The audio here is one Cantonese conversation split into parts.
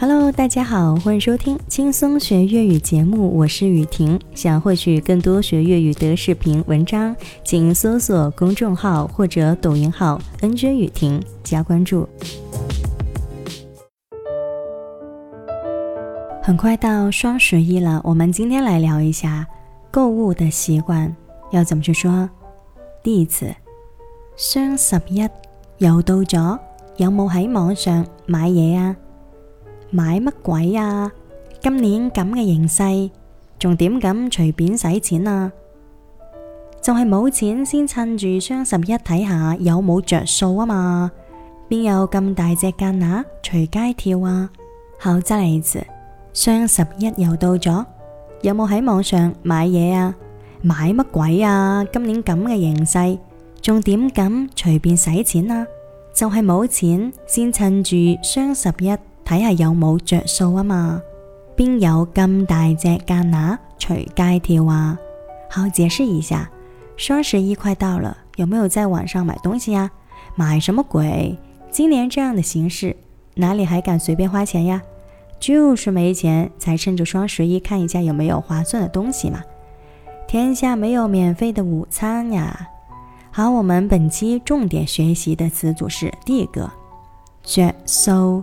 Hello，大家好，歡迎收聽輕鬆學粵語節目，我是宇婷。想獲取更多學粵語的視頻文章，請搜索公眾號或者抖音號“ NJ 宇婷”加關注。很快到雙十一了，我們今天來聊一下購物的習慣要怎麼去說。第一次，雙十一又到咗，有冇喺網上買嘢啊？買乜鬼啊？今年咁嘅形勢，仲點敢隨便使錢啊？就係、是、冇錢先趁住雙十一睇下有冇着數啊嘛，邊有咁大隻蛤乸啊，隨街跳啊！好，真係，雙十一又到咗，有冇喺網上買嘢啊？買乜鬼啊？今年咁嘅形勢，仲點敢隨便使錢啊？就係、是、冇錢先趁住雙十一。睇下有冇着數啊嘛？邊有咁大隻蛤乸隨街跳啊？好，解釋一下，雙十一快到了，有沒有在網上買東西呀？買什麼鬼？今年這樣的形勢，哪裏還敢隨便花錢呀？就是沒錢，才趁着雙十一看一下有沒有劃算的東西嘛。天下沒有免費的午餐呀。好，我們本期重點學習的詞組是第一個，着數。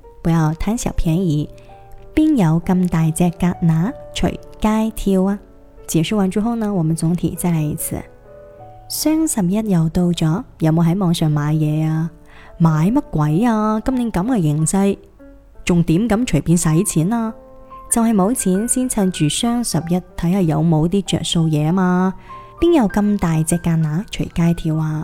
不要貪小便宜，邊有咁大隻蛤乸隨街跳啊！解釋完之後呢，我們總體再來一次。雙十一又到咗，有冇喺網上買嘢啊？買乜鬼啊？今年咁嘅形勢，仲點敢隨便使錢啊？就係冇錢先趁住雙十一睇下有冇啲着數嘢啊嘛？邊有咁大隻蛤乸隨街跳啊？